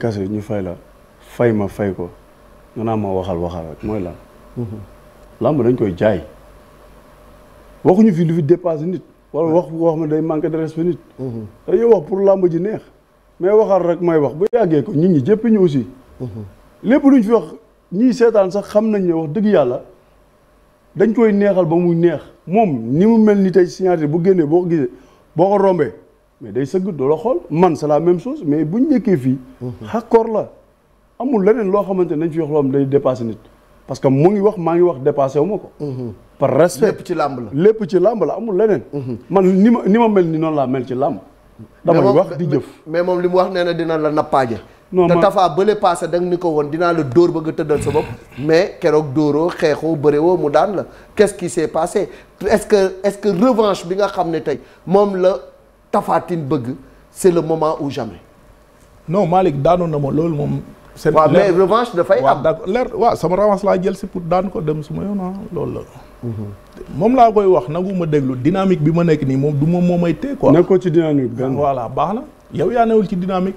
kase ñu fay la fay ma fay ko nga naa ma waxal waxal rek mooy lan. Mhm. làmb dañ koy jaay waxuñu fi lu fi dépassé nit. wala wax wax ma day manqué de respect nit. dañuy mhm. wax pour làmb ji neex. mais waxal rek may wax bu yàggee ko nit ñi jëpp ñu aussi. Mhm. lépp luñ fi wax ñiy seetaan sax xam nañ ne wax dëgg yàlla dañ koy neexal ba muy neex moom ni mu mel ni tey signature bu génnee boo ko gisee boo ko rombee. mais day sëgg doo la xool man c'est la même mais bu ñu nekkee fii. xàkkoor la amul leneen loo xamante ne dañ fi wax loo xam day dépassé nit. parce que mu ngi wax maa ngi wax dépassé wu ma ko. par la lépp ci làmb la amul leneen. man ni ma ni ma mel ni noonu laa mel ci làmb. damay wax di jëf mais moom li mu wax nee dina la nappaaje. non te bële paase da ni ko woon dinaa la dóor ba nga tëddal sa bopp mais keroog dóoroo xeexoo bërewoo mu daan bi nga Tafatine bëgg c'est le moment ou jamais. non Malick daanoon na ma loolu moom. seen waaw mais revanche dafay am d'accord leer waa sama revanche laa jël si pour daan ko dem su ma yoon ah loolu mhm. moom laa koy wax nagu ma déglu dynamique bi ma nekk nii moom du moom moo may tee quoi. nekkoo ci dynamique voilà baax na. yow yaa newul ci dynamique.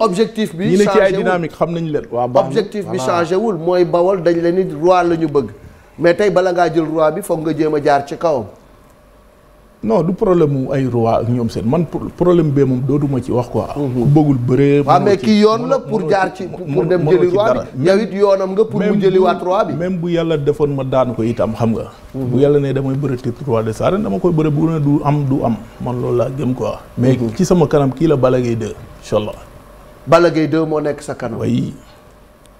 objectif bi. changé wul xam nañu leen. waaw objectif bi changé wul mooy bawal dañ leen ni roi la ñu bëgg. mais tey bala ngaa jël roi bi foog nga jéem a jaar ci kawam. non du problème mu ay roi ñoom seen man problème bee moom dootuma ci wax quoi. Mhm. ku bëggul bëree. waaw mais kii yoon la pour jaar ci pour dem jëli roi bi yow it yoonam nga pour mu jëliwaat roi bi. même bu yàlla defoon ma daan ko itam xam nga. Mhm. bu yàlla ne damay bëri titre roi des arènes dama koy bëri bu ne du am du am man loolu laa gëm quoi. mais mhm. ci sama kanam kii la Balla Gaye 2 incha allah. Balla Gaye moo nekk sa kanam. oui.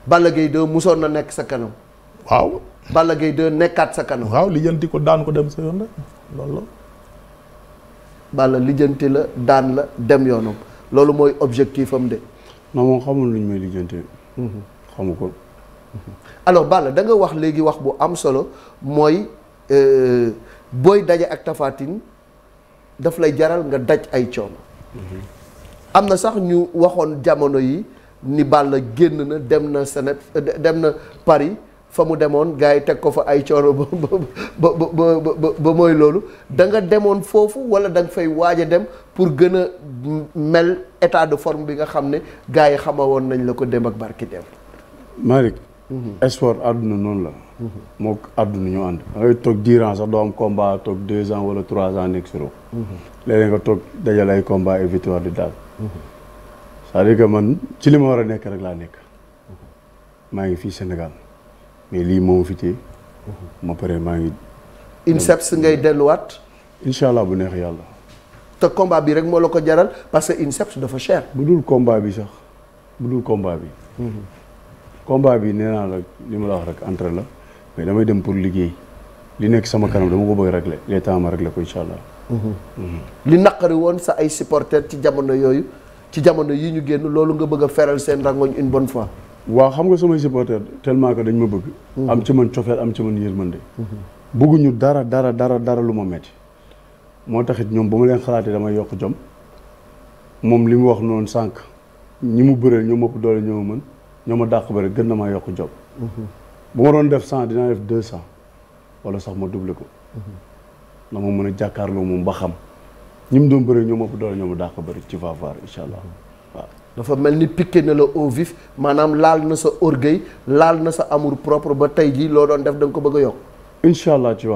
Balla Gaye 2 musoon na nekk sa kanam. waaw. Balla Gaye 2 nekkaat sa kanam. waaw lijjanti ko daan ko sa yoon loolu la. Balla lijjanti la daan la dem yoonam loolu mooy objectif am de. non moom xamul lu ñu may lijjanti. Mhm. xamu ko. Mhm. alors Balla danga wax léegi wax bu am solo mooy euh, booy daje ak tafatin daf lay jaral nga daj ay coono. Mhm. am na sax ñu waxoon jamono yi ni Balla génn na dem na Sénégal dem na Paris. fa mu demoon gars yi teg ko fa ay coono ba ba ba ba mooy loolu da nga demoon foofu wala da fay waaj a dem pour gën a mel état de forme bi nga xam ne gars yi xamawoon nañ la ko dem ak barki dem. Malick. Mhm. sport àdduna noonu la. Mhm. moo àdduna ñu ànd. da ngay toog dix sax doo am combat toog deux ans wala trois ans nekk suro. Mhm. léeg-léeg nga toog dajale ay combat et victoire di daal. cest à man ci li ma war a nekk rek laa nekk. maa ngi fii Sénégal. mais lii moom fi téye mhm. ma pare maa ngi. INSEPS ngay delluwaat. incha allah bu neex yàlla. te combat bi rek moo la ko jaral parce que INSEPS dafa cher. bu dul combat bi sax bu dul combat bi. Mhm. combat bi nee naa la li ma la wax rek entre la mais damay dem pour liggéey li nekk sama kanam dama ko bëgg régler les temps ma régler ko incha allah. Mhm. li naqari woon sa ay supporters ci jamono yooyu ci jamono yi ñu génn loolu nga bëgg feral seen rangoñ une bon fois. waaw xam nga samay supporters tellement que dañ ma bëgg. Hmm. am ci man cofeel am ci man yërmande. Hmm. bëgguñu dara dara dara dara lu ma metti moo taxit ñoom ba ma leen xalaatee damay yokk jom moom li mu wax noonu sànq ñi mu bëree ñoo ma doole ñoo ma mën ñoo ma dàq bëri gën na maa yokk jom. Hmm. bu ma def cent dinaa def deux wala sax ma double ko. na ma mën a jàkkaarloo moom ba xam ñi mu doon bëree ñoo doole ñoo ma dàq bëri ci Fafaar incha allah. dafa mel ni piqué na la au vif maanaam laal na sa orgueil laal na sa amour propre ba tey jii loo doon def da nga ko bëgg a yokk. incha allah ci